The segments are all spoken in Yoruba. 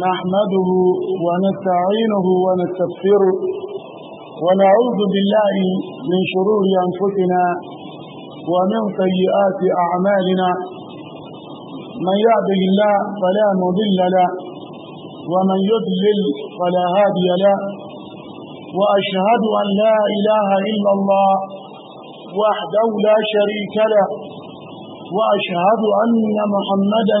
نحمده ونستعينه ونستغفره ونعوذ بالله من شرور أنفسنا ومن سيئات أعمالنا من يعبد الله فلا مضل له ومن يضلل فلا هادي له وأشهد أن لا إله إلا الله وحده لا شريك له وأشهد أن محمدا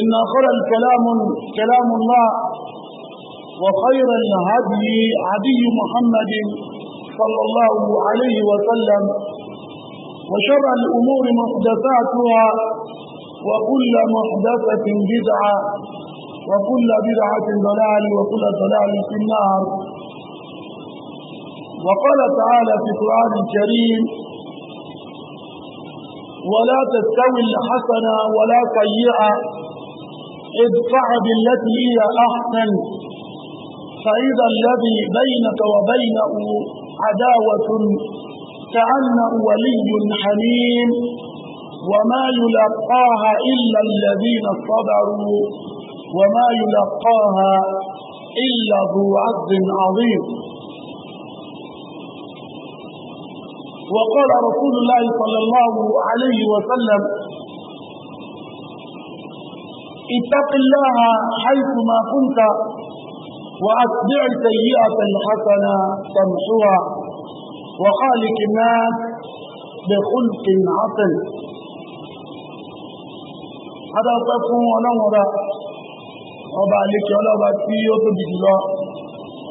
إن خير الكلام كلام الله وخير الهدي هدي محمد صلى الله عليه وسلم وشر الأمور محدثاتها وكل محدثة بدعة وكل بدعة ضلال وكل ضلال في النار وقال تعالى في القرآن الكريم ولا تستوي الحسنة ولا سيئة ادفع بالتي هي أحسن فإذا الذي بينك وبينه عداوة كأنه ولي حميم وما يلقاها إلا الذين صبروا وما يلقاها إلا ذو عز عظيم وقال رسول الله صلى الله عليه وسلم اتق الله حيثما كنت واتبع سيئة حسنة تمحوها وخالق الناس بخلق عقل. هذا تكون ونورا ọba àlékẹ́ ọlọ́ba tí ó tóbi jùlọ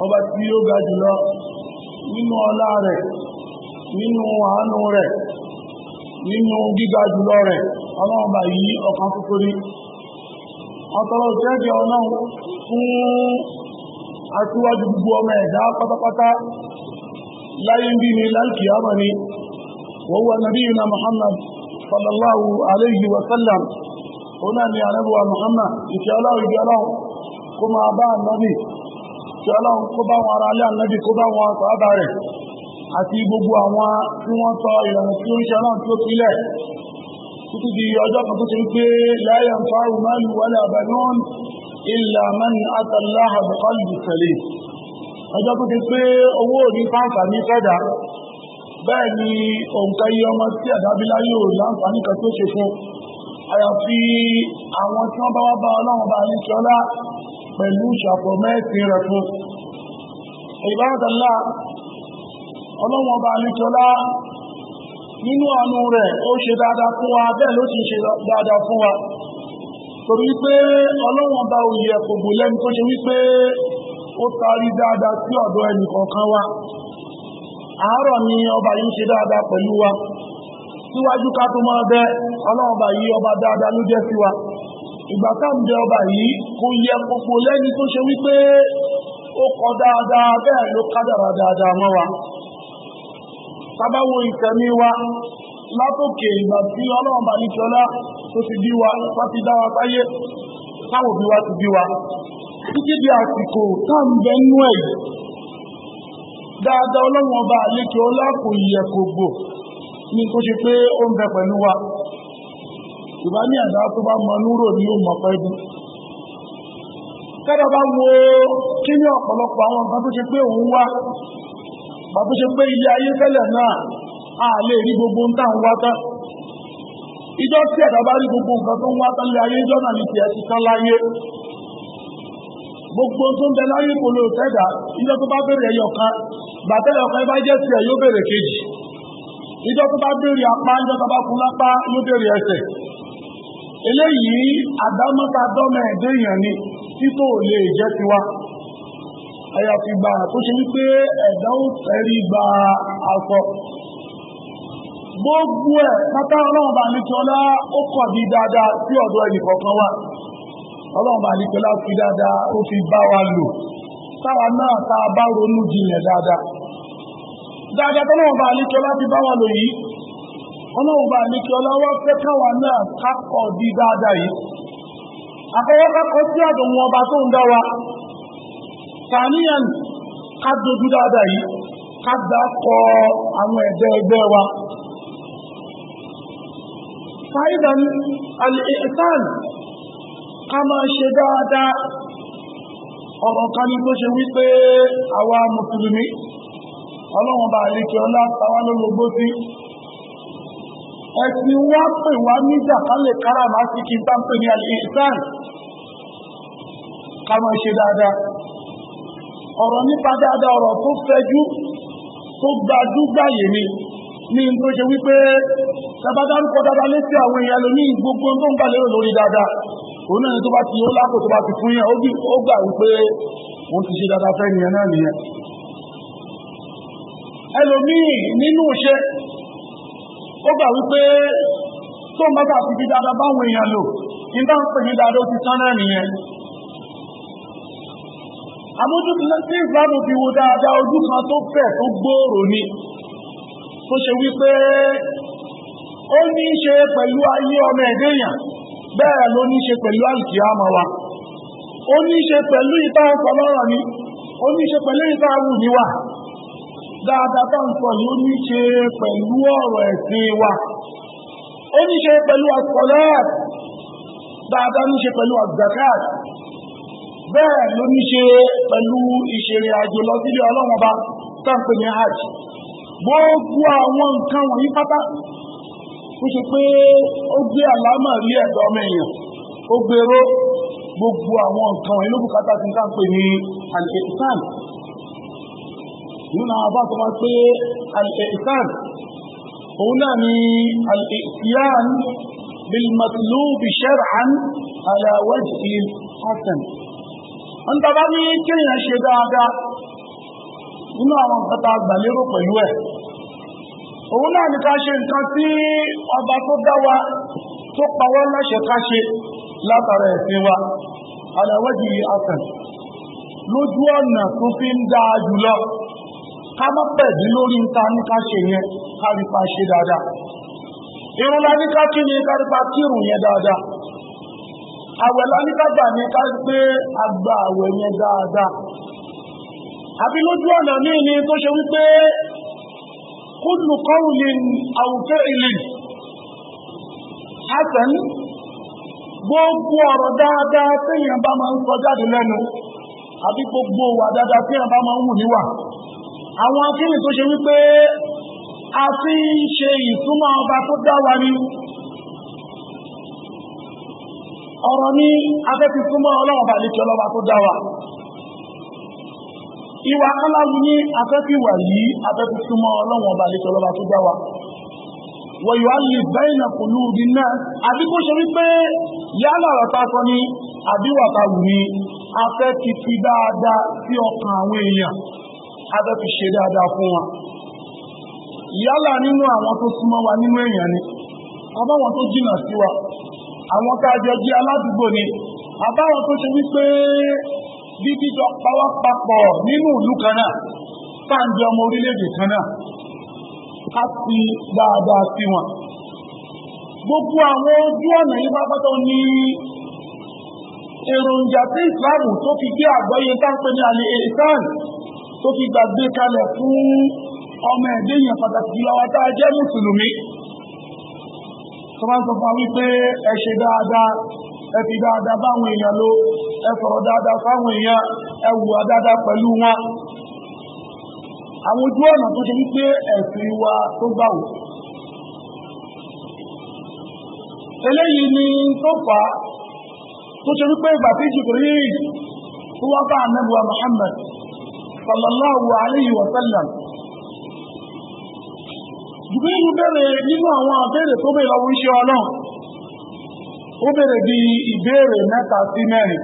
ọba tí ó ga jùlọ nínú ọlá rẹ̀ nínú àánú rẹ̀ nínú gíga jùlọ rẹ̀ ọlọ́ọ̀bà yìí ọ̀kan tuntun ọ̀tọ̀rọ̀ ìjẹ́jẹ́ ọlọ́run fún aṣíwájú gbogbo ọmọ ẹ̀dá pátápátá láyé ń bí ní láìkì àmà ni wọ́n wà nàbí ìrìnà Muhammad sallallahu alayhi wa sallam ọ̀nà ni àrẹ́bùwà Muhammad ìṣẹ́ ọlọ́run ìjẹ́ ọlọ́run kó máa bá ànábì ìṣẹ́ ọlọ́run kó bá wọn ara alẹ́ ànábì kó bá wọn sọ́ọ́bà rẹ̀ àti gbogbo àwọn tí wọ́n tọ ìlànà tí ó sílẹ̀ títí di ọjọ́ kan tó ti ń pé láyà ń fáwọn mẹ́lú wọlé àbẹ̀lún ilà mẹ́ni àtàláhà bùkọ́lù tẹ̀lé ọjọ́ tó ti pé owó òní fáǹfààní fẹ́dà bẹ́ẹ̀ ni òǹkà iye ọmọ tí àdábílá láǹfààní kan tó ṣe fún àyàfi àwọn tí wọ́n bá wá bá ọlọ́run bá ní ṣọlá pẹ̀lú ìṣàpọ̀ mẹ́sìn rẹ̀ fún ìbáratàlá ọlọ́run bá ní ṣọlá nínú àánú rẹ̀ ó ṣe dáadáa fún wa bẹ́ẹ̀ ló ti ṣe dáadáa fún wa torí pé ọlọ́wọ́n bá òye ẹ̀kọ́ gbò lẹ́nu tó ṣe wípé ó tarí dáadáa sí ọ̀dọ̀ ẹnì wa àárọ̀ ni ọba yìí ṣe dáadáa pẹ̀lú wa síwájú ká tó máa ọlọ́wọ́n bá ọba dáadáa ló jẹ́ sí wa ìgbà ọba yìí kò yẹ tó ṣe wípé ó kọ dáadáa bẹ́ẹ̀ ló kádàrà dáadáa mọ́ wa tábáwo ìtẹ̀mí wa látòkè ìgbà tí ọlọ́run bá tó ti bí wa wá ti dá wa sáyé táwọn òbí wa ti bí wa títí di àsìkò táǹbẹ̀ nú ẹ̀ dáadáa ọlọ́run ọba àlejò yẹ kò ṣe pé ó pẹ̀lú wa ìbá ní àdá tó bá mọ ní pẹ́ bí kẹ́dọ̀ bàbá ṣe pé ilé ayé tẹ́lẹ̀ náà a lè rí gbogbo ń tà ń wá tán ìjọ tí ẹ̀dá bá rí gbogbo nǹkan tó ń wá tán lé ayé ìjọ náà ní tiẹ̀ ti tán láyé gbogbo tó ń bẹ láyé kò lè tẹ́dà ìjọ tó bá bèrè ẹyọ kan bàtà ẹyọ kan bá jẹ́ tiẹ̀ yóò bèrè kejì ìjọ tó bá bèrè apá ìjọ tó bá kú lápá yóò bèrè ẹsẹ̀ eléyìí àdámọ́ta dọ́mẹ̀ẹ́dẹ́yàn ni títò lè jẹ́ tiwa. àyàfi gba tó ṣe wípé ẹ̀dá tẹ̀rí gba gbogbo ẹ̀ pátá ọlọ́run bá ní tọ́lá ó kọ̀ bí dáadáa sí ọ̀dọ̀ ẹnì kọ̀ọ̀kan wà ọlọ́run ní tọ́lá fi dáadáa ó fi bá wa lò táwa náà bá ronú jinlẹ̀ dáadáa dáadáa wa lò yìí ọlọ́run bá ní tọ́lá wá fẹ́ káwa náà kákọ̀ ọba tó ń wa sàníyàn ká dojú dáadáa yìí ká dákọ àwọn ẹ̀dẹ́ ẹgbẹ́ wa fàídàn al'ihsan ká máa ṣe dáadáa ọ̀rọ̀ kan ní tó ṣe wípé àwa mùsùlùmí ọlọ́run bá àlékè ọlá tàwa lólobó sí ẹ̀sìn wá pè wá níjà ká kára máa sí kí n tá ní al'ihsan ká máa ṣe dáadáa ọ̀rọ̀ nípa dáadáa ọ̀rọ̀ tó fẹjú tó gbajúgbàyè ní tó ṣe wípé tabadárúkọ dáadáa àwọn èèyàn lóní gbogbo tó ń lórí dáadáa òun náà tó bá ti tó bá ti fún yẹn ó gbà wípé wọ́n ti ṣe dáadáa fẹ́ nìyẹn náà nìyẹn iṣẹ́ wípé tó ń bá bá fi dáadáa báwọn èèyàn lò ní àmójú kan tí ìsìláàmù fi wo dáadáa ojú kan tó fẹ̀ tó gbòòrò ni tó ṣe wípé ó ní í ṣe pẹ̀lú ayé ọmọ ẹ̀dẹ́yàn bẹ́ẹ̀ ló ní í ṣe pẹ̀lú àlùkìyámà wa ó ní í ṣe pẹ̀lú ìta ọ̀pọ̀lọ́rọ̀ ni ó ní í ṣe pẹ̀lú ìta àwù ni wa dáadáa tá ń sọ yìí ó ní í ṣe pẹ̀lú ọ̀rọ̀ ẹ̀sìn wa ó ní í ṣe pẹ̀lú àkọlẹ́ dáadáa ní í ṣe pẹ̀lú àgbàkáàtì bẹ́ẹ̀ ló ní ṣe pẹ̀lú ìṣẹ̀rẹ̀ àjò lọ sílé ọlọ́run ọba táǹpẹ̀ ní hajj gbogbo àwọn nǹkan wọ̀nyí pátá ó ṣe pé ó gbé àlámà rí ẹ̀dọ́ ọmọ èèyàn ó gbèrò gbogbo àwọn nǹkan wọ̀nyí ló bùkátà sí táǹpẹ̀ ní al nínú àwọn abá tó máa pé al òun náà ni al-ihsan bil matlubi shar'an ala wajhi hasan ń tàbá ní kéèyàn ṣe dáadáa nínú àwọn nǹkan tá a gbà lérò pẹ̀lú ẹ̀ òun náà ní ká ṣe nǹkan tí ọba tó dá wa tó pa wá láṣẹ ká ṣe látara ẹ̀sìn wa aláwọ́dì asàn lójú ọ̀nà tó fi ń dáa jùlọ ká má pẹ̀lú lórí nta ní ká ṣe yẹn kárípa ṣe dáadáa irun la ní ká kí ni kárípa kírun yẹn dáadáa àwẹ̀ lọ́níkàgbà ní ká gbé àgbà àwẹ̀ yẹn dáadáa àbí lójú ọ̀nà ní ní tó ṣe wípé kullu qawlin aw fi'lin hasan gbogbo ọ̀rọ̀ dáadáa téèyàn bá máa ń sọ jáde lẹ́nu àbí gbogbo wà dáadáa téèyàn bá máa ń wù níwà àwọn akíni tó ṣe wípé a fi ń ṣe ìtumọ̀ ọba tó dá wa ni ọ̀rọ̀ ní afẹ́fi súnmọ́ ọlọ́run bá lékẹ́ ọlọ́ba tó dá wa ìwà aláwù ní afẹ́fi wà yìí afẹ́fi súnmọ́ ọlọ́run bá lékẹ́ ọlọ́ba tó dá wa wọ̀yọ̀ alì bẹ́ẹ̀nà kò ní òbí náà àbí kó ṣe wípé yálà ọ̀rọ̀ ta sọ ní àbíwàta wù ní afẹ́fi fi dáadáa sí ọkàn àwọn èèyàn afẹ́fi ṣe dáadáa fún wa yálà nínú àwọn tó súnmọ́ wa nínú èèyàn ni àbáwọn tó jìnnà sí wa àwọn tá a jọ jẹ́ aládùúgbò ni àbáwọn tó ṣe wípé bí jíjọ pawọ́ papọ̀ nínú ìlú kan náà káàdì ọmọ orílẹ̀-èdè kan náà ká fi dáadáa sí wọn gbogbo àwọn ojú ọ̀nà yìí pápátá ní èròjà tí Islam tó fi gbé àgbọ́yé táǹpẹ́ ní alẹ́ ìsáàn tó fi gbàgbé kalẹ̀ fún ọmọ ẹ̀dẹ́yìn pàtàkì lọ́wọ́ tá a jẹ́ mùsùlùmí tó bá ń sọ fún wa wípé ẹ ṣe dáadáa ẹ fi dáadáa báwọn èèyàn lò ẹ sọ̀rọ̀ dáadáa fáwọn èèyàn ẹ wùwà dáadáa pẹ̀lú wọn àwọn ojú ọ̀nà tó ṣe wípé ẹ̀sìn wa tó gbà wò eléyìí ni tó fà á tó ṣe wípé ìgbà tí Jibril tó wá bá ànábì wa Muhammad sallallahu alayhi wa sallam jùbẹ́rù bẹ̀rẹ̀ nínú àwọn àbẹ̀rẹ̀ tó bẹ̀rẹ̀ lọ́wọ́ iṣẹ́ ọlọ́run ó bẹ̀rẹ̀ bí ìbéèrè mẹ́ta sí mẹ́rin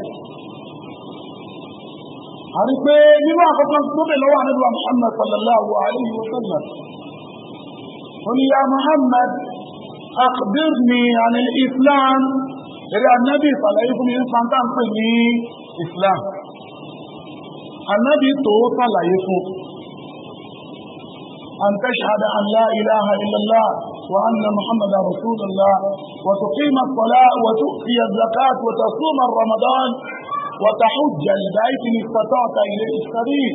a rí pé nínú àkọ́kọ́ tó bẹ̀rẹ̀ lọ́wọ́ àníbà Muhammad sallallahu alayhi wa sallam ó ní ya Muhammad akhbirni anil Islam eré anábì ìsàlàyé fún islam tá ń ní Islam anábì tó sàlàyé fún un أن تشهد أن لا إله إلا الله وأن محمدا رسول الله وتقيم الصلاة وتؤتي الزكاة وتصوم رمضان وتحج البيت إن استطعت إليه السبيل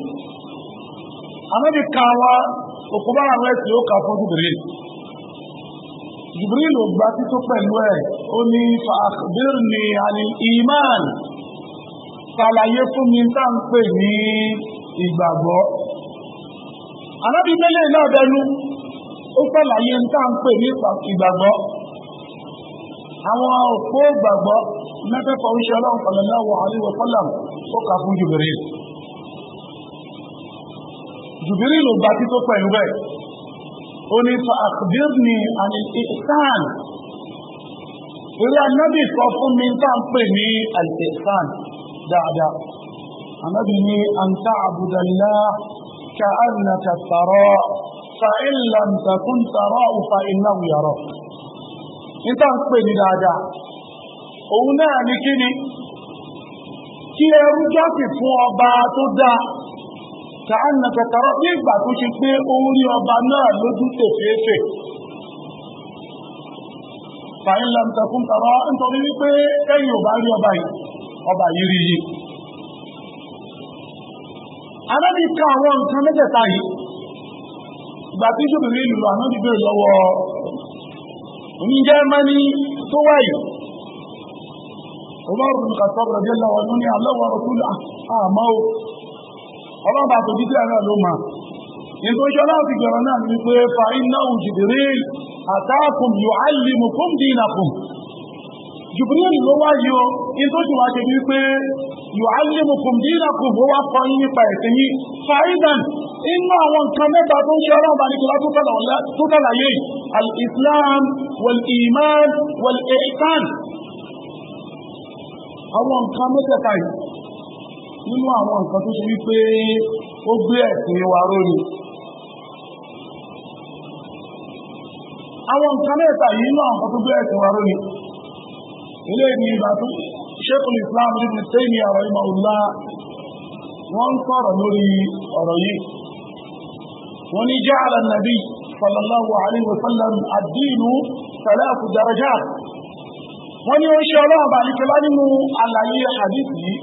أنا بالكعوة وقبع الرئيس يوقع فوق جبريل جبريل وباتي تقبل أني فأخبرني عن الإيمان فلا يكون من تنقل إيه arábìnrin náà bẹnu ó pẹ̀láyé ń tàn pè ní ìgbàgbọ́ àwọn òpó gbàgbọ́ mẹ́fẹ́fọ́ oríṣẹ́ ọlọ́run pàlọ́lọ́wọ́ àríwọ̀ sọ́làm ó kà fún jùbìrì jùbìrì ló gba tító pẹ̀lú bẹ́ẹ̀ ó ní fa àkùdírní àti ìsàn ilé anábì sọ fún mi tá ń pè ní àìsàn dáadáa anábì ní àǹtá àbùdàlá كأنك ترى فإن لم تكن ترى فإنه يرى níta ń pè ní dáadáa òun náà ní kí ni kí ẹrú jọ́sìn fún ọba tó dáa kàánà kẹtàrọ ní ìgbà tó ṣe pé òun rí ọba náà lójú tèfèéfè fàílẹ̀ ń tẹkùn tàrọ nítorí wípé ẹ̀yìn ò bá rí ọba yìí ọba yìí rí yìí anábì ka àwọn nǹkan mẹ́tẹ̀ẹ̀ta yìí ìgbà tí jùbìrì ìlú anábì bèèrè lọ́wọ́ oníjẹ́ mẹ́ni tó wáyé Umar bin Khattab radiyallahu anhu ní Allah wa Rasulullah ah, àmọ́ o ọlọ́run bá tó dídí ẹ̀rọ ló máa nítorí ṣe láti gbẹ̀rọ̀ náà ní pé fa iná Jibril atakum yu'allimukum dinakum Jibril ló wáyé o nítorí wá ṣe wípé yu'allimukum dinakum ó wá kọ́ yín nípa ẹ̀sìn yín fàáìdàn inú àwọn nǹkan mẹ́ta tó ń ṣe ọlọ́run bá nìkìlá tó kàlàyé al-islam wal-iman wal-ihsan àwọn nǹkan mẹ́tẹ̀ẹ̀ta yìí nínú àwọn nǹkan tó ṣe wípé ó gbé ẹ̀sìn wa róni àwọn nǹkan mẹ́tẹ̀ẹ̀ta yìí nínú àwọn nǹkan tó gbé ẹ̀sìn wa róni ilé ìgbìyànjú Sheikhul Islam Ibn Taymiyyah rahimahullah wọ́n ń sọ̀rọ̀ lórí ọ̀rọ̀ yìí wọ́n ní ja'ala an-nabi sallallahu alayhi wa sallam ad-dinu thalathu darajat wọ́n ní ó ṣe ọlọ́run bá ní kẹlá nínú àlàyé hadith yìí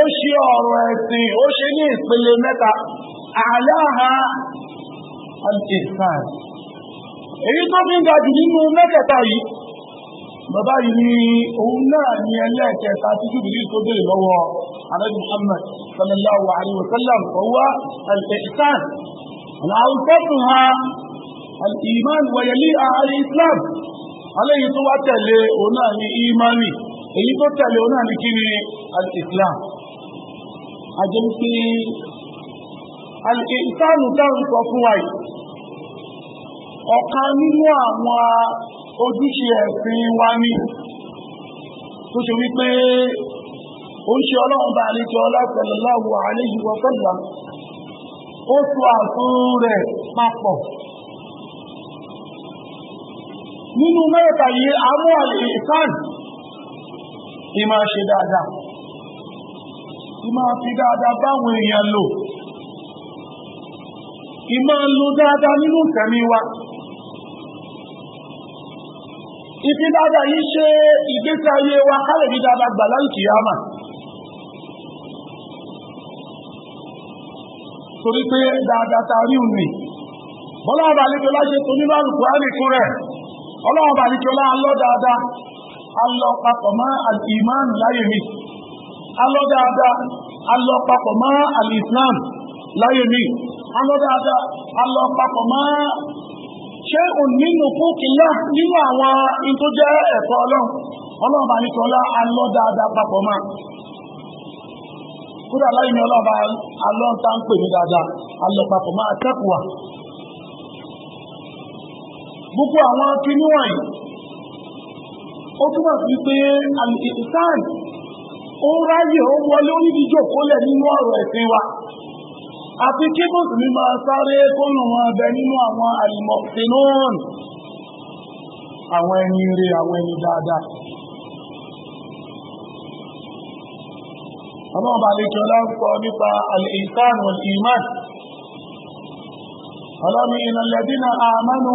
ó ṣe ọ̀rọ̀ ẹ̀sìn ó ṣe ní ìpele mẹ́ta àláha al-ihsan èyí tó fi ń ga jù nínú mẹ́tẹ̀ẹ̀ta yìí bàbá yìí ni òun náà ní ẹlẹ́ẹ̀kẹta tí jùbìlì tó bèèrè lọ́wọ́ ànábì Muhammad sallallahu alaihi wasallam ọwọ́ al-ihsan aláwùsọ́tún ha al-iman wayẹ̀lí al-islam aléyìí tó wá tẹ̀lé òun náà ní imani èyí tó tẹ̀lé òun náà ní kí ni al-islam àjẹ́mísí al-ihsan táwọn sọ fún wa yìí ọ̀kan nínú àwọn ojúṣe ẹ̀sìn wa ní tó ṣe wípé ó ń ṣe ọlọ́run bá àlejò sallallahu ó tó àtún rẹ̀ papọ̀ nínú mẹ́ta yìí amú àlè ìsàn ìmá ṣe dáadáa máa fi dáadáa báwọn èèyàn lò ìmá lo dáadáa nínú ìtẹ̀mí wa. ìfi dáadáa yìí ṣe ìgbésí ayé wa kálẹ̀ ní dáadáa gbà láìkì yáma torí pé dáadáa ta rí òun ni bọ́láwọ́ bá nítorí láṣẹ tó nínú àlùkò àríkú rẹ̀ ọlọ́wọ́ bá nítorí alọ́ dáadáa alọ́ papọ̀ mọ́ ìmánu láyé mi alọ́ dáadáa alọ́ papọ̀ mọ́ àlìsílámù láyé mi alọ́ dáadáa alọ́ papọ̀ mọ́ ṣé òun nínú fúnkìlá nínú àwọn in tó jẹ́ ẹ̀kọ́ ọlọ́run ọlọ́ọ̀bá ní kọlá alọ́ papọ̀ máa kúrò ọlọ́ọ̀bá ta ń pè ní dáadáa alọ́ papọ̀ máa tẹ́kùwà gbogbo àwọn akíní wọ̀nyí ó túmọ̀ sí pé àlùkìtì sáàrì ó ráyè ó wọlé kólẹ̀ nínú ọ̀rọ̀ wa àti kí mùsùlùmí máa sáré kónù wọn bẹ nínú àwọn àlìmọ̀sínúùn àwọn ẹni ire àwọn ẹni dáadáa ọlọ́run bá lè jọlá ń sọ nípa al-ihsan wal-iman ọlọ́run inna alladhina amanu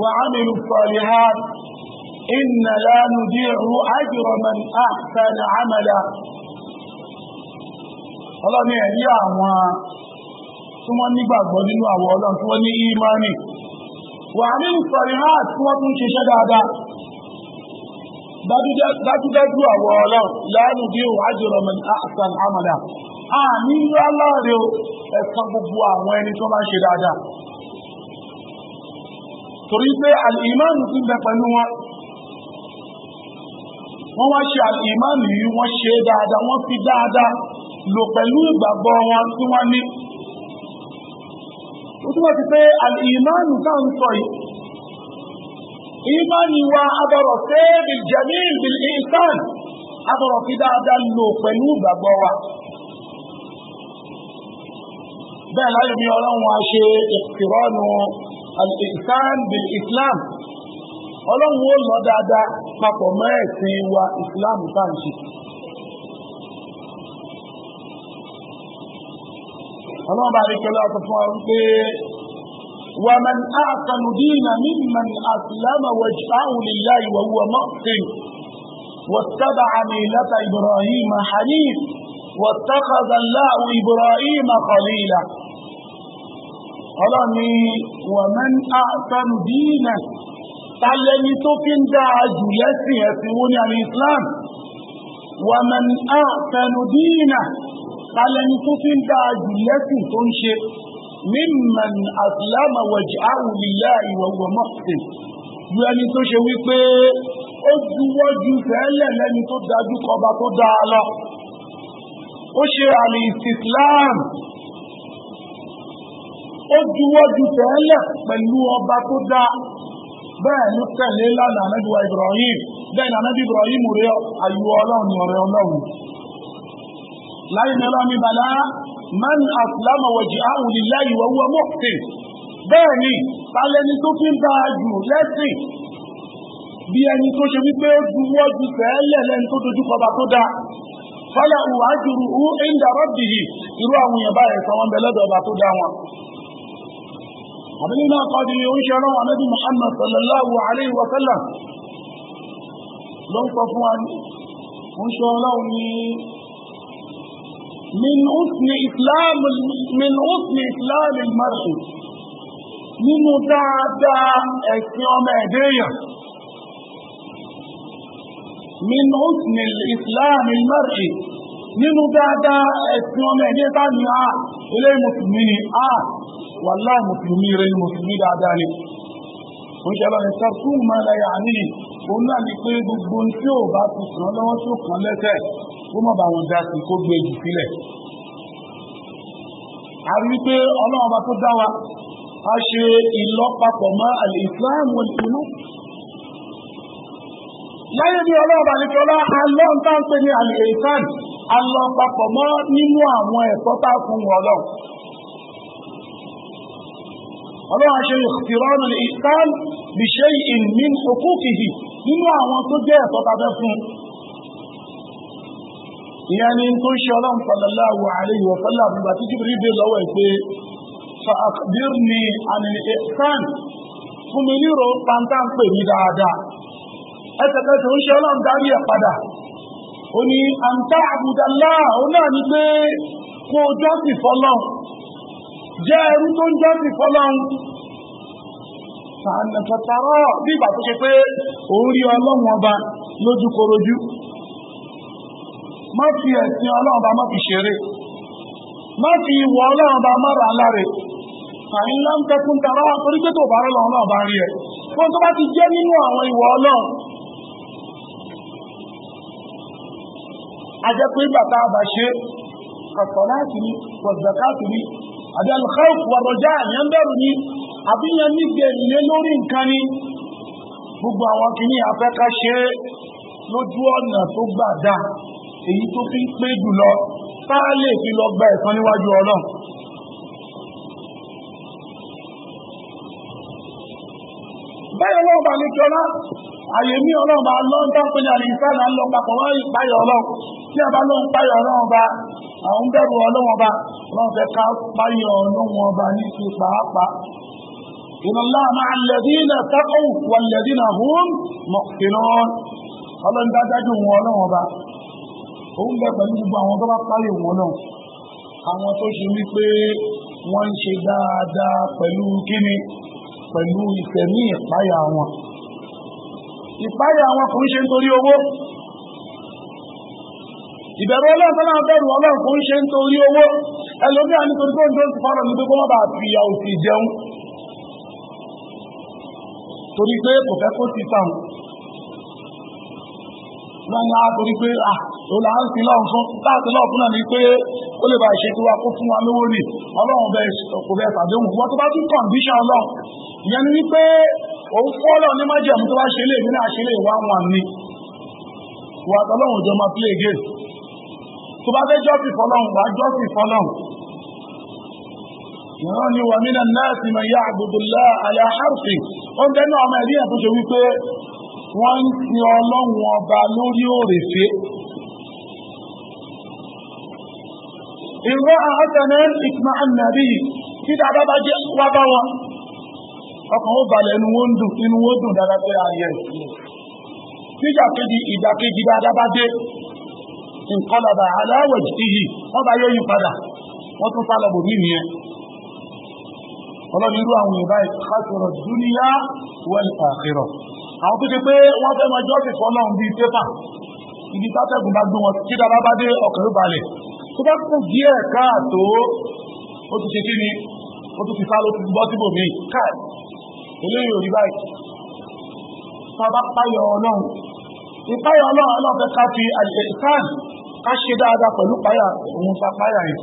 wa amilu s-salihat inna la nudi'u ajra man ahsana ọlọ́run ẹ̀rí àwọn tí wọ́n nígbàgbọ́ nínú àwọn ọlọ́run tí wọ́n ní ìmánì wà ní ìsọ̀rí náà tí wọ́n tún ṣiṣẹ́ dáadáa dájúdájú àwọn ọlọ́run láàrín bí ó àjọrọ̀ mọ̀ àṣàn àmàdà a ní láláre ẹ̀sán gbogbo àwọn ẹni tó máa ń ṣe dáadáa torí pé alìmánì ti bẹ pẹ̀lú wọn wọ́n wá ṣe alìmánì yìí wọ́n ṣe dáadáa wọ́n fi dáadáa lò pẹ̀lú ìgbàgbọ́ wọn tí wọ́n ní ó túnmọ̀ sí pé alìmánù táwọn sọ yìí ìmánì wa abọ̀rọ̀ pé bìjẹ̀mín bìlìsàn abọ̀rọ̀ fi dáadáa lò pẹ̀lú ìgbàgbọ́ wa bẹ́ẹ̀ láyé mi ọlọ́run wa ṣe ìkìrọ́nù alìsàn bìlìsàn ọlọ́run ó lọ dáadáa papọ̀ mọ́ ẹ̀sìn wa ìsìlámù táǹṣì فالله بعد كده اتفقوا ايه ومن اعطى دينا ممن اسلم وجهه لله وهو مؤمن واتبع ميلة ابراهيم حنيف واتخذ الله ابراهيم خليلا قالوا ومن اعطى دينا تعلم توكن دا جلسي يسيوني الاسلام ومن اعطى دينا talẹni tó fi ń dáa jù lẹ́sìn tó ń ṣe mímàn àtìlámà wẹ̀jì àwùlíyà ìwọ̀wọ̀ mọ́sìn ju ẹni tó ṣe wípé ó juwọ́jú fẹ́ẹ́lẹ̀ lẹ́ni tó dájú kọba tó dáa lọ ó ṣe àlè ìsìslam ó juwọ́jú fẹ́ẹ́lẹ̀ pẹ̀lú ọba tó dáa bẹ́ẹ̀ ló tẹ̀lé lánàá anábìwá Ibrahim bẹ́ẹ̀ ni Ibrahim rẹ ayọ̀ ọlọ́run ọ̀rẹ́ ọlọ́run láyé ní ọlọ́run ìbàlá man aslama wajhahu lillahi wa huwa muhsin bẹ́ẹ̀ ni talẹ́ni tó fi ń bá a jù lẹ́sìn bí ẹni tó ṣe wípé gbúwọ́ ju fẹ́ẹ́lẹ̀ lẹ́ni tó dojú kọba tó dáa fọ́lá òwò ájúrú ó ń darọ́ bì yìí irú àwọn èèyàn báyìí sọ wọn bẹ lọ́dọ̀ ọba tó dá wọn. àbílẹ̀ náà oúnjẹ ọ̀rọ̀ wọn Muhammad sallallahu alayhi wa sallam ló ń sọ fún wa ní oúnjẹ ọlọ́run ní من حسن إسلام من حسن إسلام المرء nínú dáadáa ẹ̀sìn ọmọ ẹ̀dẹ́ èèyàn min husn al-islam al-mar'i nínú dáadáa ẹ̀sìn ọmọ ẹ̀dẹ́ bá ní à ah, ilé mùsùlùmí ni à ah, wallahi mùsùlùmí rẹ̀ mùsùlùmí dáadáa ni ó jẹ́ báyìí sọ́kùn mọ́ra yà ní òun náà ni pé gbogbo tí ò bá ti sàn lọ́wọ́ tó kàn lẹ́sẹ̀ kó má bá wọn dá sí kó gbé jù sílẹ̀ a rí pé ọlọ́run bá tó dá wa a ṣe ìlọ́papọ̀ mọ́ al-Islam wal-Iman láyé ní ọlọ́run bá nìkan lọ alọ́ ń tá ń pè ní al-Ihsan alọ́papọ̀ mọ́ nínú àwọn ẹ̀kọ́ tá a fún wọn lọ ọlọ́run a ìrọ̀rùn al-Ihsan bi shay'in min huquqihi nínú àwọn tó jẹ́ ẹ̀tọ́ tá a fẹ́ fún un ìyẹn ni tó ṣe ọlọ́run sallallahu alaihi wa sallam nígbà tí jìbìrì dé lọ́wọ́ ẹ̀ pé fàkbír ni ànìní ẹ̀sán fún mi nírò pàǹtà ń pè ní dáadáa ẹsẹ̀kẹsẹ̀ ó ṣe ọlọ́run darí ẹ̀ padà ó ní àǹtá àbùdàlá ó náà ní pé kó o jọ́sìn fọlọ́run jẹ́ ẹrú tó ń jọ́sìn fọlọ́run sàánà tọ̀tàrọ̀ bí ìgbà tó ṣe pé òun rí ọlọ́run ọba lójúkorojú má fi ẹ̀sìn ọlọ́run bá má fi ṣeré má fi ìwọ ọlọ́run bá má ra láre àyín ńlá ń tẹkùn tara torí pé tó bá rọ lọ́run náà bá rí ẹ̀ fún tó bá ti jẹ́ nínú àwọn ìwọ ọlọ́run a jẹ́ pé bàtà àbá ṣe kọ̀tọ̀ láti ní gbogbo àwọn kìíní afẹ́ká ṣe lójú ọ̀nà tó gbà dáa èyí tó fi ń pé jùlọ tá a lè fi lọ gba ẹ̀san níwájú ọlọ́run. báyọ̀ náà bá mi jọlá àyè mí ọlọ́run bá lọ ń dápẹ́ ní àlìsá náà ń lọ papọ̀ wọ́n yìí páyọ̀ ọlọ́run tí a bá lọ ń páyọ̀ ọlọ́run bá àwọn bẹ̀rù ọlọ́run bá wọ́n fẹ́ ká páyọ̀ ọlọ́run bá ní ti pàápàá. inna Allaha ma'a alladhina taqaw walladhina hum muhsinun ọlọ́run dájájú wọn ọlọ́run bá òun bẹ pẹ̀lú gbogbo àwọn tó bá páyè wọn náà àwọn tó ṣe wípé wọ́n ń ṣe dáadáa pẹ̀lú kíni pẹ̀lú ìfẹ̀mí ìpáyà wọn ìpáyà wọn kò ń ṣe nítorí owó ìbẹ̀rù ọlọ́run tó náà bẹ̀rù ọlọ́run kò ń ṣe nítorí owó ẹlòmíà nítorí tó ń tó ń fọ́rọ̀ ní gbogbo ọba àti ìyà òsì jẹun torí pé kò fẹ́ kó ti tàn wọ́n ní á ah, torí pé ah, òun là ń fi lọ́run fún láti lọ́run fún náà ni pé ó lè ba ìṣètò wa kó fún wa lówó nì ọlọ́run bẹ kò bẹ sàdéhùn wọ́n tó bá tún kọ̀ǹdíṣàn ọlọ́run ìyẹn ni wípé òun fọ́lọ̀ ní májèmú tó bá ṣe lè mí náà ṣe lè wá wọn ni wà tọ́lọ́run òjò máa play game tó bá fẹ́ jọ́sìn fọlọ́run wà jọ́sìn fọlọ́run ìran ni wà nínú náàsì mọ̀ yá àgbòdòlá aláhárùsì ó ń tẹ́nu ọmọ ẹ̀rí ẹ̀ tó ṣe wípé wọ́n ń sin ọlọ́run ọba lórí òrèfé ìrọ́ àhásẹ̀nẹ́ ìtìmá ànàbí tí dáadáa bá jẹ́ wá bá wọn ọkàn ó balẹ̀ inú wọn dùn inú wọn dùn dáadáa pé ààyè nígbàkejì ìgbàkejì dáadáa bá dé nǹkan lọ́ba aláwẹ̀ iyì wọ́n bá yẹ́yìn padà wọ́n tún sálọ bò mí nìyẹn ọlọ́run irú àwọn ìbá ìkásọ̀rọ̀ dúníyà wẹ́lì àkìrọ̀ àwọn tó ti pé wọ́n fẹ́ máa jọ́sìn fọ́lọ́run bíi pépà ibi tátẹ́gùn bá gbé wọn tí dáadáa bá dé ọkàn ó balẹ̀ tó bá kù díẹ̀ káàtó ó ti ṣe kí ni ó tún ti sá ló ti bọ́ síbò mí káàdì eléyìí ò rí báyìí sábà páyọ ọlọ́run ìpáyọ ọlọ́run aláfẹ́ ká fi àṣẹ káàdì ká ṣe dáadáa pẹ̀lú páyà òun fa páyà yìí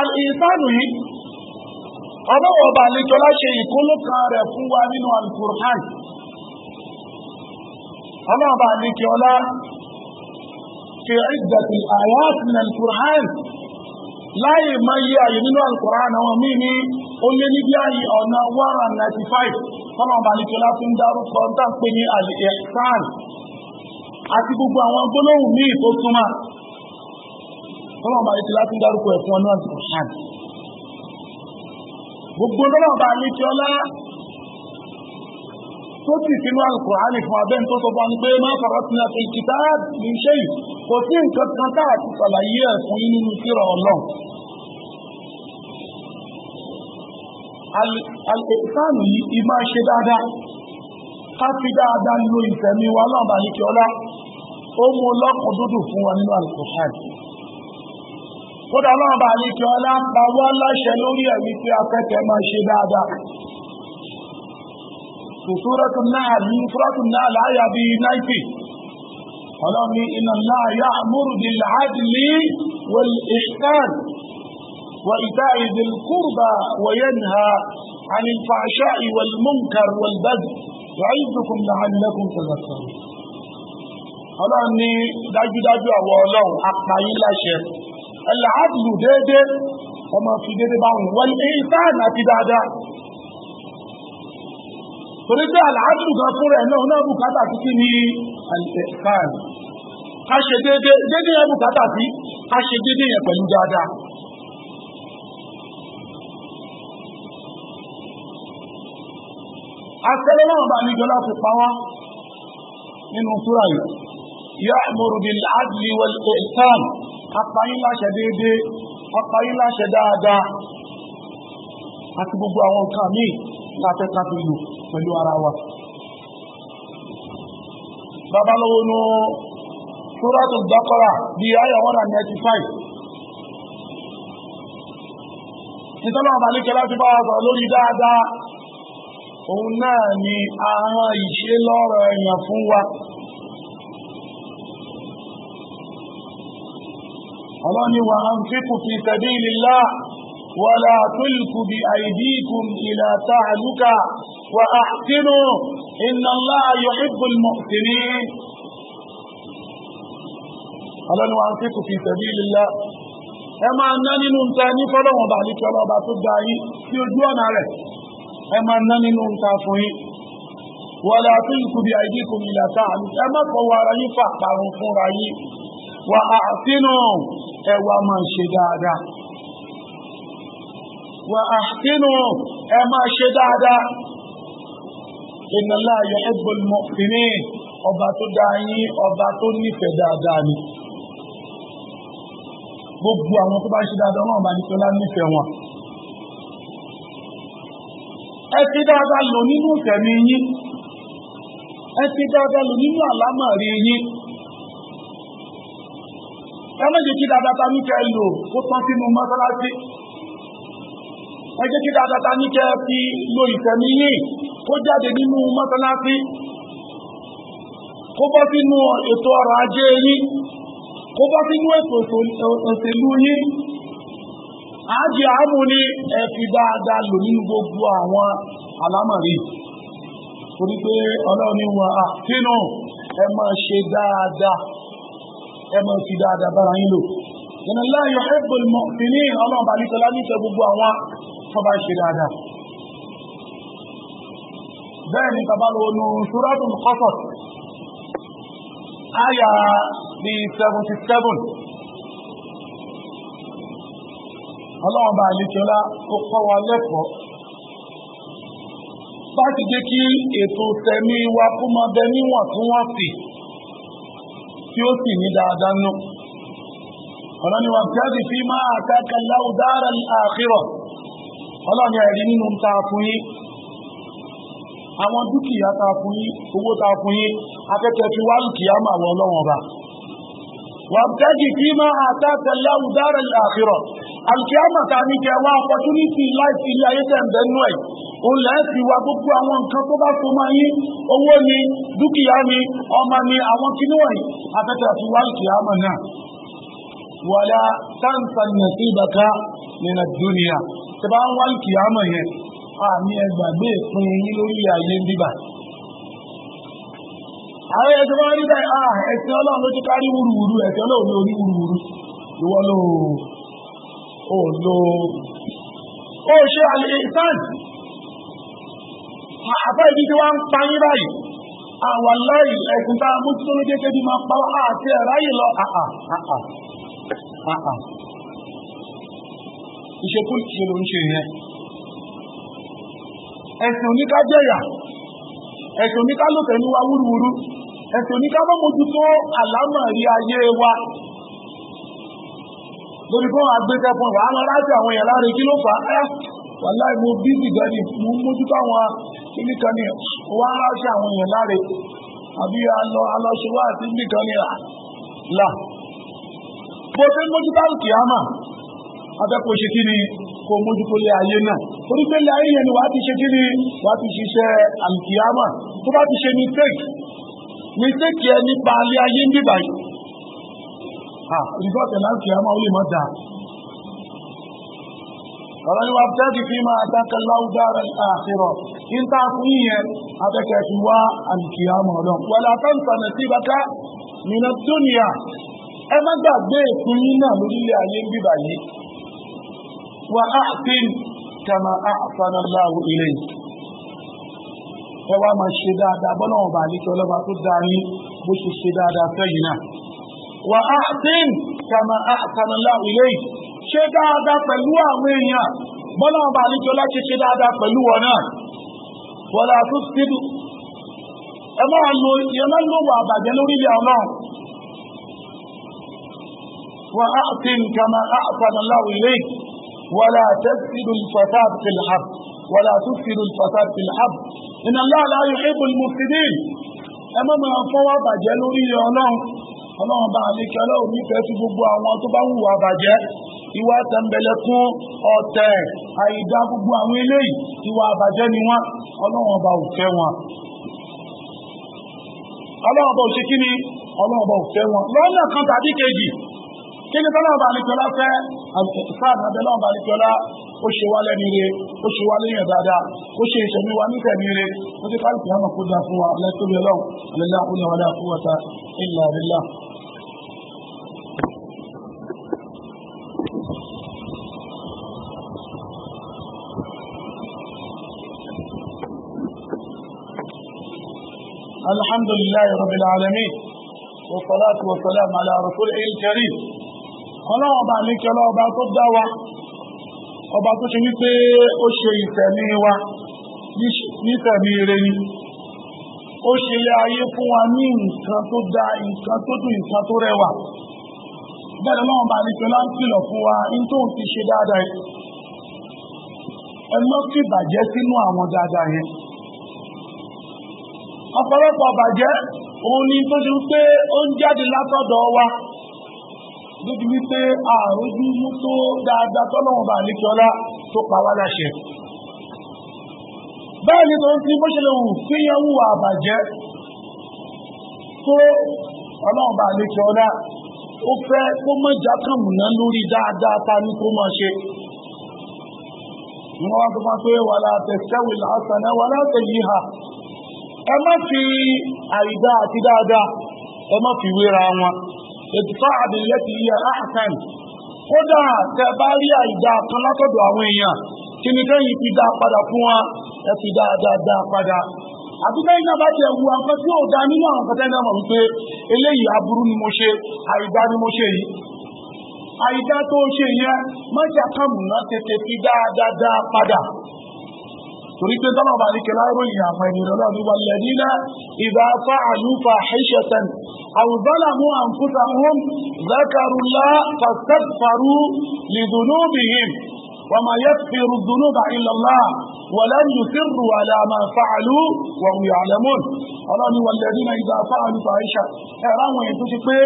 àìsànù yìí ọlọ́wọ̀ ọba àlejò láṣẹ ìkólókan rẹ̀ fún wa nínú alukur'an ọlọ́ọ̀bá àdíkẹ́ ọlá fi ìdàtì ayat min al-Qur'an láyé ma yí ayé nínú al-Qur'an àwọn míì ní ó lé ní bí ayé ọ̀nà 195 ọlọ́ọ̀bá àdíkẹ́ ọlá fi ń dárúkọ ń tàpé ní al-Ihsan àti gbogbo àwọn gbólóhùn míì tó súnmọ́ ọlọ́ọ̀bá àdíkẹ́ ọlá fi ń dárúkọ ẹ̀fún ọ̀nà al-Qur'an gbogbo ọlọ́ọ̀bá àdíkẹ́ ọlá tó sì sínú Al-Qur'ani fún abẹ́ tó sọ fún pé má farratna fil kitab min shay kò sí nǹkan kan tá àti sàlàyé ẹ̀ fún yín nínú síra Ọlọ́run alẹ́sánù yìí ìmá ṣe dáadáa ká fi dáadáa lo ìtẹ̀mí wa lọ́nà àníkẹ́ ọlá ó mú lọ́kùn dúdú fún wa nínú Al-Qur'an kódà lọ́nà àníkẹ́ ọlá bá wá láṣẹ lórí ẹ̀ wípé afẹ́kẹ́ máa ṣe dáadáa سورة النحل من سورة النحل آية بي 90 إن الله يأمر بالعدل والإحسان وإيتاء ذي القربى وينهى عن الفحشاء والمنكر والبذل يعظكم لعلكم تذكرون ọlọ́run إني dájúdájú àwọn ọlọ́run apayín láṣẹ ẹ̀là àdùlù déédéé ọmọ fi déédéé báwọn wọlé ìtàn àti dáadáa torí pé àlàáfù kan fúnra ẹ̀ náà náà bùkátà sí kí ni àìsẹ̀káàrì ká ṣe déédéé déédéé yẹn bùkátà sí ká ṣe déédéé yẹn pẹ̀lú dáadáa asẹ́lẹ̀ náà bá ní jọlá ti pa wá nínú súra yìí ya'muru bil adli wal ihsan apáyín láṣẹ déédéé apáyín láṣẹ dáadáa àti gbogbo àwọn nǹkan míì látẹ́ká fi lò pẹ̀lú ara wa babaláwo nu súrátù dákọ́rà bí ayà 195 ìtọ́lọ̀ àbálẹ́kẹ́ láti bá wa sọ̀rọ̀ lórí dáadáa òun náà ni àwọn ìṣe lọ́rọ̀ èèyàn fún wa ọlọ́ni wa anfiqu fi sabilillah wala tulku bi aydikum ila ta'aluka وأحسنوا إن الله يحب المحسنين ọlọ́ni wa ń fi kò fi sabilillah ẹ máa ná nínú nta ní fọlọ́wọ́n bá ní kí ọlọ́ba tó ga yín sí ojú ọ̀nà rẹ̀ ẹ máa ná nínú nta fún yín wala tulqu bi aydikum ila ta'alu ẹ má fọwọ́ ara yín fà parun fúnra yín wa ahsinu ẹ wá máa ṣe dáadáa wa ahsinu ẹ máa ṣe dáadáa inna Allah yuhibbul mu'minin ọba tó dá yín ọba tó nífẹ̀ẹ́ dáadáa ni gbogbo àwọn tó bá ṣe dáadáa náà bá ní tọ́lá nífẹ̀ẹ́ wọn ẹ ti dáadáa lò nínú ìtẹ̀mí yín ẹ ti dáadáa lò nínú àlámọ̀rí yín ẹ má jẹ́ kí dáadáa ta ní kẹ́ lò kó tán sínú mọ́sálásí ẹ jẹ́ kí dáadáa ta ní kẹ́ fi lo ìtẹ̀mí yín kó jáde nínú mọ́sálásí kó bọ́ sínú ètò ọrọ̀ ajé yín kó bọ́ sínú ètò òṣèlú yín ájì àmú ní ẹ̀fì dáadáa lò nínú gbogbo àwọn alámọ̀rí torí pé ọlọ́run ní wọn àkínú ẹ máa ṣe dáadáa ẹ máa fi dáadáa bára yín lò ìnáláyọ̀ ẹgbẹ̀rún mọ̀fìní ọlọ́run bá nítorí gbogbo àwọn tó bá ṣe dáadáa bẹ́ẹ̀ ni bàbá lọ nu Suratul Qasas àyà bí seventy seven ọlọ́run bá àlejòlá ó kọ́ wa lẹ́kọ̀ọ́ bá ti jẹ́ kí ètò tẹ̀mí wa kó máa bẹ níwọ̀ntúnwọ̀nsì tí ó sì ní dáadáa nù. ọlọ́ni wa jáde fi máa àtàkà láwùdára àkírọ̀ ọlọ́ni ẹ̀rí nínú ta fún yín àwọn dúkìá ta fún yín owó ta fún yín afẹ́kẹ́ fi wá dúkìá mà wọ ọlọ́wọ́n ba wà tẹ́jì fi máa àtàtẹ̀ láwù dára àfihàn alkiyama ta ní kẹ wá opportunity life ilé ayé tẹ̀ ń bẹ́ nú ẹ̀ òun lẹ́ẹ̀ fi wá gbogbo àwọn nǹkan tó bá so máa yín owó ni dúkìá ni ọmọ ni àwọn kinní wọ̀nyí afẹ́kẹ́ fi wá alkiyama náà wàlá táǹtà nàìjíríà ká nínú dúnìá tẹ́ àmì ẹgbàgbé ìpín yín lórí ayé ń bíbà. àwọn ẹ̀sìn wọn rí bẹ́ẹ̀ ah ẹ̀sìn ọlọ́run ló ti kárí wúruwúru ẹ̀sìn ọlọ́run ló rí wúruwúru ìwọ ló ò lo ó ṣe àlè ìsàn àfẹ́ ìdí tí wọ́n ń pa yín báyìí ah, àwọn láì ẹ̀sìn tá a mú tó ló kékeré bí máa pa wá àti ẹ̀rá yìí lọ àà àà àà ìṣekú ìṣe ló ń ṣe yẹn. ẹ̀sìn oníká jẹ̀yà ẹ̀sìn oníká lòtẹ̀ ní wa wúruwúru ẹ̀sìn oníká bá mójútó ayé wa lórí fún agbẹ́sẹ̀ fún wa àwọn aláṣẹ àwọn èèyàn láàrin kí ló fà á wàláì mo bí ìgbà ni mo mójútó àwọn àwọn alọ àti là bó ṣe mójútó àrùkì àmà kó mójútó lé ayé náà torí pé lé ayé yẹn ni wàá ti ṣe kí ni wàá ti ṣiṣẹ́ àlùkìyàmà tó bá ti ṣe mistake mistake yẹn nípa lé ayé ń bíbà yìí ah result ẹ̀ láǹkìyàmà ó lè má dáa ọ̀rọ̀ ni wàá tẹ́kì fi máa dákẹ́ láwùdára àṣírọ̀ níta fún yẹn abẹ́kẹ́ wá àlùkìyàmà ọ̀dọ́ wàlá àtàǹtà nasibaka minad dunya ẹ má gbàgbé ìpín náà lórílẹ̀ ayé ń bíbà yìí وأحسن كما أحسن الله إليك ẹ wá máa ṣe dáadáa bọ́lá wọn bá àlékè ọlọ́ba tó dáa ní bó ṣe ṣe dáadáa fẹ́yìn náà. wà á dín kàmá àtànàlá ilé yìí ṣe dáadáa pẹ̀lú àwọn èèyàn bọ́lá wọn bá àlékè ọlá ṣe ṣe dáadáa pẹ̀lú wọn náà. wọ́lá tó síbi ẹ máa lo ìyẹn ló wà àbàjẹ́ lórí ilé ọ̀nà. wà á dín kàmá àtànàlá ilé yìí ولا تفسد الفساد في الحرب ولا تفسد الفساد في الحرب إن الله لا يحب المفسدين أما ما فوا بجلو إلى الله الله بعلك لو نفسد بوا وطبعوا وبجل ìwà tẹ̀m̀bẹ̀lẹ̀kún ọ̀tẹ̀ àìdá gbogbo àwọn eléyìí ìwà àbàjẹ́ ni wọ́n ọlọ́run ọba ò fẹ́ wọn ọlọ́run ọba ò ṣe kí ni ọlọ́run ọba ò fẹ́ wọn lọ́nà kan tàbí kejì kí ni tọ́lọ́ ọba àlejòlá fẹ́ àlùkùsán abẹ́lẹ́ ọba àlejòlá ó ṣe wá lẹ́nu ire ó ṣe wá lẹ́yìn dáadáa ó ṣe ìṣẹ̀mí wa nítẹ̀mí ire ó ti káàkiri àwọn kó dáa fún wa lẹ́tọ́bí ọlọ́run àlejò àkúnyẹ wọlé àkúwọ́ta ìlà àrílà. الحمد لله رب العالمين والصلاة والسلام على رسوله الكريم ọlọ́wọ́n bá ní kí ọlọ́wọ́n bá tó dá wa ọba tó ṣe wípé ó ṣe ìtẹ̀mí wa nítẹ̀mí ire ni ó ṣe ilé ayé fún wa ní nǹkan tó dá nǹkan tó dùn nǹkan tó rẹwà bẹ́ẹ̀ lọ́wọ́n bá ní kí ọlá ń kìlọ̀ fún wa ní tóun ti ṣe dáadáa yìí ẹ lọ́kì bàjẹ́ sínú àwọn dáadáa yẹn ọ̀pọ̀lọpọ̀ bàjẹ́ òun ni tó ṣe wípé ó ń jáde látọ̀dọ̀ wa níbi wípé àrójú mú tó dáadáa tọ́lọ́wọ̀n bá ní kíọ́lá tó pa wá láṣẹ. bẹ́ẹ̀ ni tó ń fi bóṣẹlẹ̀ wù kíyàn wùwà àbàjẹ́ tó ọlọ́wọ̀n bá ní kíọ́lá ó fẹ́ kó mọ́jà kàmùná lórí dáadáa ta ní kó máa ṣe wọ́n wá tó máa pé wà láti ṣẹ́wì lásán wà láti yí ha ẹ má fi àìdá àti dáadáa ẹ má fi wéra wọn ìtìkọ́ àbíyẹ́tì yẹ àhàkàn kódà tẹ bá rí àìdá kan látọ̀dọ̀ àwọn èèyàn kí ni lẹ́yìn fi dá padà fún wa ẹ fi dáadáa dá padà àti lẹ́yìn náà bá ti ẹ̀wù àǹkan tí ò dá nínú àwọn kẹtẹ́ náà mọ̀ wípé eléyìí aburú ni mo ṣe àìdá ni mo ṣe yìí àìdá tó ṣe yẹn mọ́jà kàmùnà tètè fi dáadáa dá padà torí pé tọ́lọ̀ bá ní kẹlá ròyìn àwọn ènìyàn náà ní wọlé nílá ìdá afá àlúfà ṣẹ́ṣẹ́tẹ̀n àwùbálà mú àǹfúta wọn zakarula fàṣẹ́fàrú lìdùnúbìhìm wọ́n máa yẹ fèrú dùnúbà ìlọ́lá wọ́lẹ́ ní sírù àlàmà fàálù wọ́n wù àlẹ́mùn ọlọ́ni wọlé nílá ìdá afá àlúfà ṣẹ́ṣẹ́ ẹ̀rọ àwọn ètò ti pé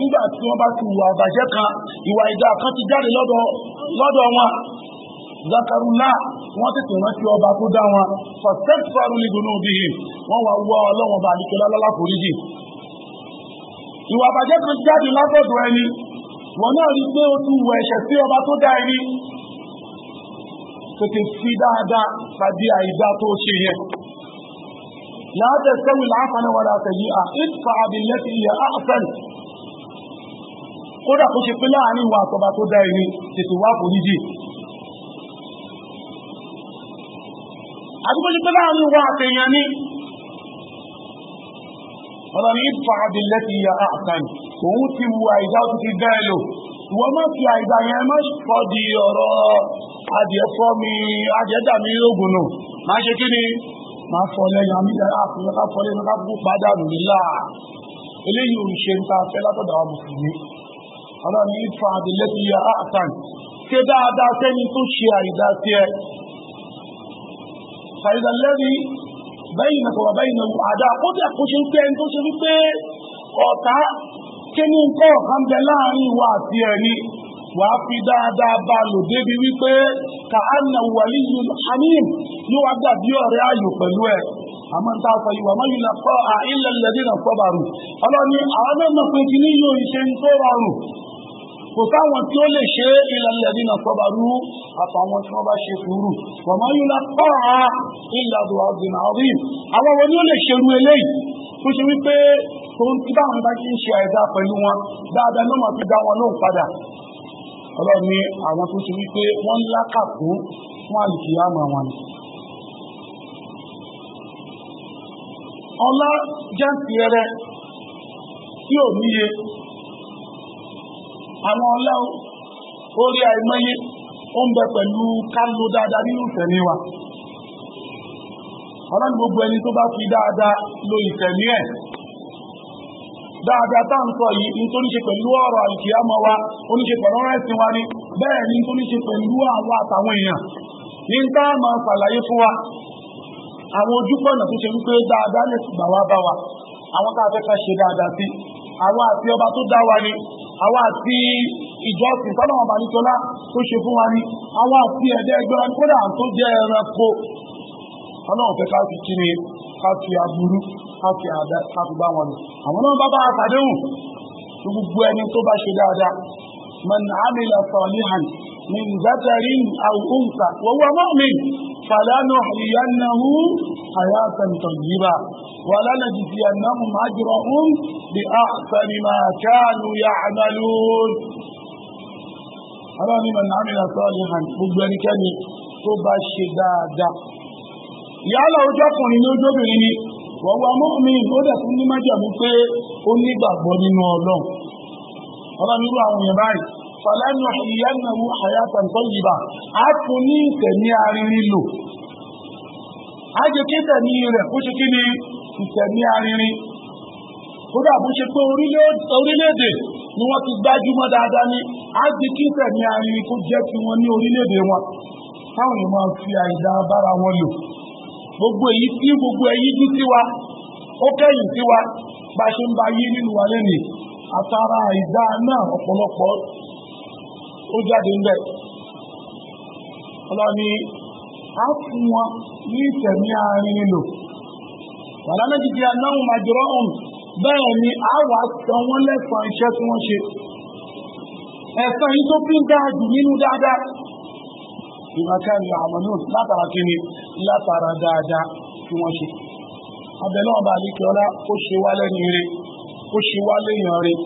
nígbà tí wọ́n bá ti wù àbàjẹ́ kan ìwà ìdá kan ti jáde lọ́dọ̀ wọn zakarula wọ́n tètè rántí ọba tó dá wọn fọ̀sẹ́fàrú ní dunu bí i wọ́n wá wọ ọlọ́wọ́n bá àdìkẹ́lá lọ́lá foríjì. ìwà àbàjẹ́ kan jáde látọ̀dọ̀ ẹni wọ́n náà rí pé ó ti wọ ẹ̀ṣẹ̀ sí ọba tó dá ẹni tètè fi dáadáa tàbí àìdá tó ṣe yẹn. láàtẹ̀ sẹ́wìn láǹfààní wàdà àtẹ̀yí à ìfà àbílẹ́tì ilẹ̀ àfẹ́lì kódà kó ṣe pé láàrin ìwà àtọba tó dá ẹni tètè wá foríjì àdúgbò ti pé láàrin wa àtẹ̀yàn ni ọ̀rọ̀ ní ìfàdí lẹ́tí ya àtàn òun ti wu àìdá ó ti bẹ́ẹ̀ lò ìwọ má fi àìdá yẹn má sọ di ọ̀rọ̀ adìẹ fọ́ mi adìẹ dà mí lógun nù má ṣe kí ni má fọ lẹ́yìn àmì ìdára àfihàn ká fọ lẹ́yìn ká fún padà nù nílà eléyìí ò ń ṣe nǹkan afẹ́ látọ̀dọ̀ àwọn mùsùlùmí ọ̀rọ̀ ní ìfàdí lẹ́tí ya àtàn ṣe dáadáa sẹ́ni tó ṣe àìdá tiẹ̀ فإذا الذي بينك وبين الأعداء ó dẹ̀ kó ṣe ń pé ẹni tó ṣe wípé ọ̀tá kí ní nǹkan ọ̀kan bẹ láàrin ìwà àti ẹni wà á fi dáadáa bá lò débi wípé ka anna waliyyun hamim ló wá dàbí ọ̀rẹ́ ayò pẹ̀lú ẹ̀ àmọ́ tá a sọ yìí wà má yìí lọ́kọ́ à ilẹ̀ lẹ́dí náà sọ́bàrù ọlọ́ni àwọn náà mọ̀ pé kí ní yóò ṣe ń tó rọrùn kò sáwọn tí ó lè ṣe ilẹ̀ dínà sọ́bàrú àtàwọn tí wọ́n bá ṣe sùúrù wọ̀mọ́ yóò lá tọ́ra ilẹ̀ àdúrà dínà rí àwọn wo ni ó lè ṣerú eléyìí tó ṣe wípé tòun tí báwọn bá ti ń ṣe àìdá pẹ̀lú wọn dáadáa ló máa fi dá wọn lóhùn padà ọlọ́run ní àwọn tó ṣe wípé wọ́n lákàkú fún àlùkìyàmọ̀ wọn ọlá jẹ́ tiẹ̀rẹ̀ tí ò níye àwọn ọlá orí àìmọye ó ń bẹ pẹ̀lú kálò dáadáa nínú ìtẹ̀mí wa ọlọ́run gbogbo ẹni tó bá fi dáadáa lo ìtẹ̀mí ẹ̀ dáadáa tá à ń sọ yìí nítorí ṣe pẹ̀lú ọ̀rọ̀ àìkíyàmọ́ wa oníṣe pẹ̀lú ọ̀rọ̀ ẹ̀sìn wa ni bẹ́ẹ̀ ni nítorí ṣe pẹ̀lú àwọn àtàwọn èèyàn ní ń tá àmọ́ ṣàlàyé fún wa àwọn ojúpọ̀nà tó ṣe wípé dáadáa lè gbà wá bá wa àwọn tá ṣe dáadáa sí àwọn àti ọba tó dá wa ni àwa àti ìjọsìn tọ́lọ́ ọba nítọ́lá tó ṣe fún wa ní àwa àti ẹ̀dẹ́ ẹgbẹ́ra kódà tó jẹ́ ẹranko ọlọ́run fẹ́ ká fi kí ni ká fi aburú ká fi àdá ká fi bá wọn lò àwọn náà bá bá àtàdéhùn tó gbogbo ẹni tó bá ṣe dáadáa man amila salihan min zakarin aw unsa wa huwa mu'min fala nuhyiyannahu hayatan tayyiba ولنجزينهم أجرهم بأحسن ما كانوا يعملون أراني من عمل صالحا بجواني كاني تبا الشدادة يالا وجاكم لنوجو بني وهو مؤمن هدى كل ما جابوا فيه أني بابوني نولون أراني الله يبارك fàlànà ìyánàwó àyàtàn tó yìbá a kò ní ìtẹ̀mí àrírí lò. a jẹ́ kí ìṣẹ̀mí arinrin kódà bó ṣe pé orílẹ̀-èdè ni wọ́n ti gbájúmọ́ dáadáa ní ájíkísẹ̀ ní arinrin tó jẹ́ ti wọn ní orílẹ̀-èdè wọn táwọn èèyàn máa fi àìdá bára wọn lò gbogbo èyí tí gbogbo èyí dú sí wa ó kẹ́yìn sí wa bá ṣe ń ba yí nínú wa lẹ́nìí àtàrà àìdá náà ọ̀pọ̀lọpọ̀ ó jáde ńbẹ̀ ọlọ́ni á fún wọn ní ìtẹ̀mí arinrin lò bàbá méjì di anáhùn màjọrọ ọ̀hún bẹ́ẹ̀ ni a wà san wọ́n lẹ́sàn-án iṣẹ́ tí wọ́n ṣe ẹ̀sán yìí tó fi ń dáa jù nínú dáadáa ìrànká ni àwọn náà látara kíni látara dáadáa tí wọ́n ṣe abẹ́lẹ́ ọba àdékẹ́ọ́lá ó ṣe wá lẹ́yìn rẹ̀ ó ṣe wá léyàn rẹ̀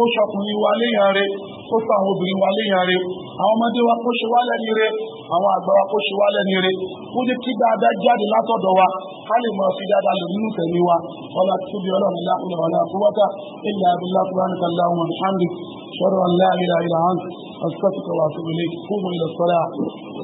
ó ṣọkùnrin wá léyàn rẹ̀ ó sọ àwọn obìnrin wá léyàn rẹ̀ àwọn ọmọdé wa kó ṣe wá lẹ́ni re àwọn àgbà wa kó ṣe wá lẹ́ni re kó jẹ́ kí dáadáa jáde látọ̀dọ̀ wa ká lè máa fi dáadáa lò nínú tẹ̀mí wa ọlá tóbi ọlọ́run ilá kúlọ̀ ọlá kúwọ́tà ilẹ̀ abilá kúránì kàlá wọn alhamdi ṣọ́rọ̀ ọlá ilá ilá hàn ọ̀sọ́fìkọ̀ wà sí